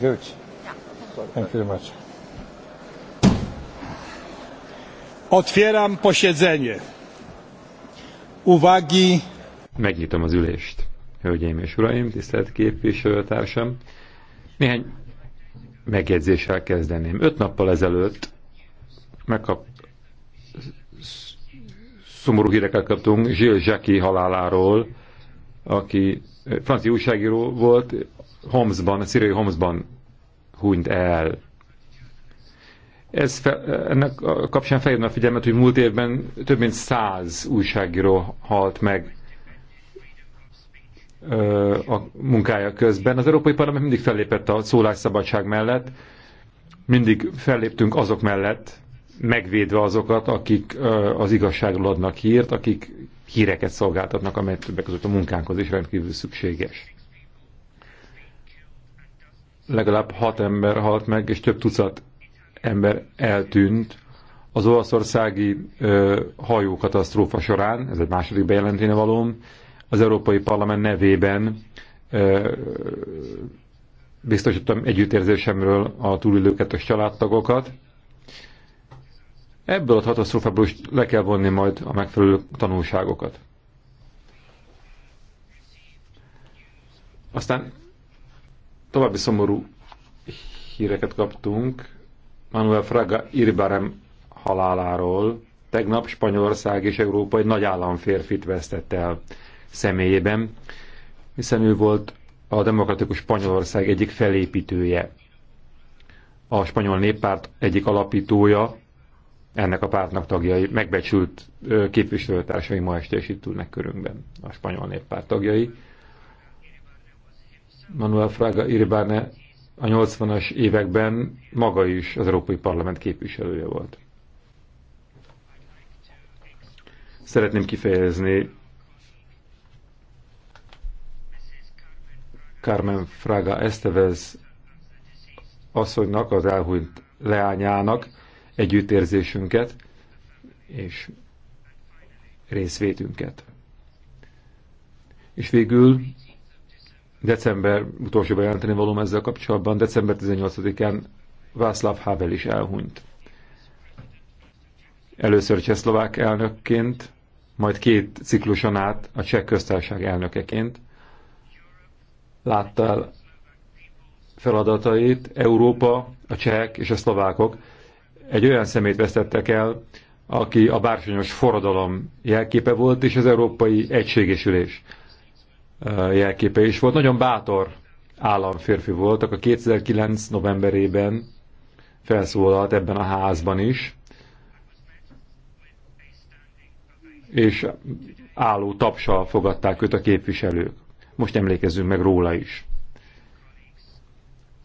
Good. Thank you very much. Otwieram posiedzenie. Uwagi. Megnyitom az ülést. Hölgyeim és uraim, tisztelt képviselőtársam. Néhány megjegyzéssel kezdeném. Öt nappal ezelőtt megkap szomorú híreket kaptunk Gilles Jacques haláláról, aki francia újságíró volt, Homsban, szíriai Homsban hunyt el. Ez fe, ennek a kapcsán felhívna a figyelmet, hogy múlt évben több mint száz újságíró halt meg a munkája közben. Az Európai Parlament mindig fellépett a szólásszabadság mellett, mindig felléptünk azok mellett, megvédve azokat, akik az igazságról adnak hírt, akik híreket szolgáltatnak, amely többek között a munkánkhoz is rendkívül szükséges. Legalább hat ember halt meg, és több tucat ember eltűnt az olaszországi ö, hajókatasztrófa során, ez egy második bejelenténe valóm, az Európai Parlament nevében ö, biztosítottam együttérzésemről a túlélőket a családtagokat, Ebből a katasztrófából is le kell vonni majd a megfelelő tanulságokat. Aztán további szomorú híreket kaptunk Manuel Fraga Irbarem haláláról. Tegnap Spanyolország és Európa egy nagy államférfit vesztett el személyében, hiszen ő volt a demokratikus Spanyolország egyik felépítője. A spanyol néppárt egyik alapítója, ennek a pártnak tagjai, megbecsült képviselőtársai ma este is itt ülnek körünkben, a spanyol néppárt tagjai. Manuel Fraga Iribárne a 80-as években maga is az Európai Parlament képviselője volt. Szeretném kifejezni Carmen Fraga Estevez asszonynak, az elhunyt leányának, együttérzésünket és részvétünket. És végül december, utolsó bejelenteni valóm ezzel kapcsolatban, december 18-án Václav Havel is elhunyt. Először csehszlovák elnökként, majd két cikluson át a cseh köztársaság elnökeként látta el feladatait Európa, a csehek és a szlovákok egy olyan szemét vesztettek el, aki a bársonyos forradalom jelképe volt, és az Európai Egységesülés jelképe is volt. Nagyon bátor államférfi volt, a 2009. novemberében felszólalt ebben a házban is, és álló tapsal fogadták őt a képviselők. Most emlékezzünk meg róla is.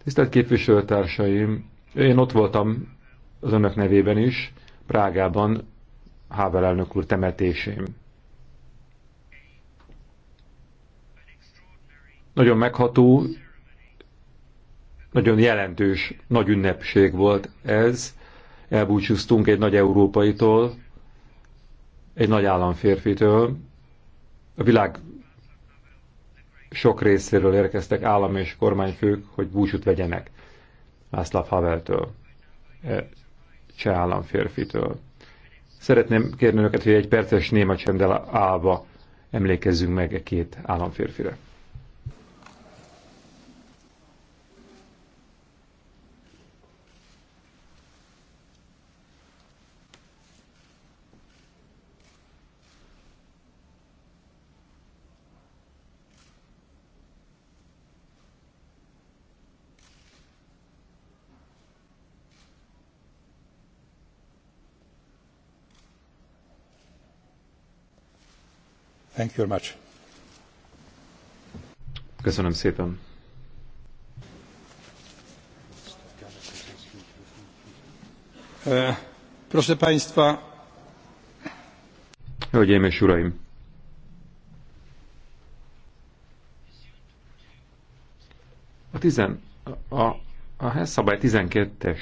Tisztelt képviselőtársaim, én ott voltam az önök nevében is, Prágában Havel elnök úr temetésén. Nagyon megható, nagyon jelentős, nagy ünnepség volt ez. Elbúcsúztunk egy nagy európaitól, egy nagy államférfitől. A világ sok részéről érkeztek állam és kormányfők, hogy búcsút vegyenek Václav Haveltől cseh államférfitől. Szeretném kérni önöket, hogy egy perces néma csendel állva emlékezzünk meg e két államférfire. Thank you very much. Köszönöm szépen. proszę Państwa. Hölgyeim és Uraim! A, tizen, a, a, a szabály 12-es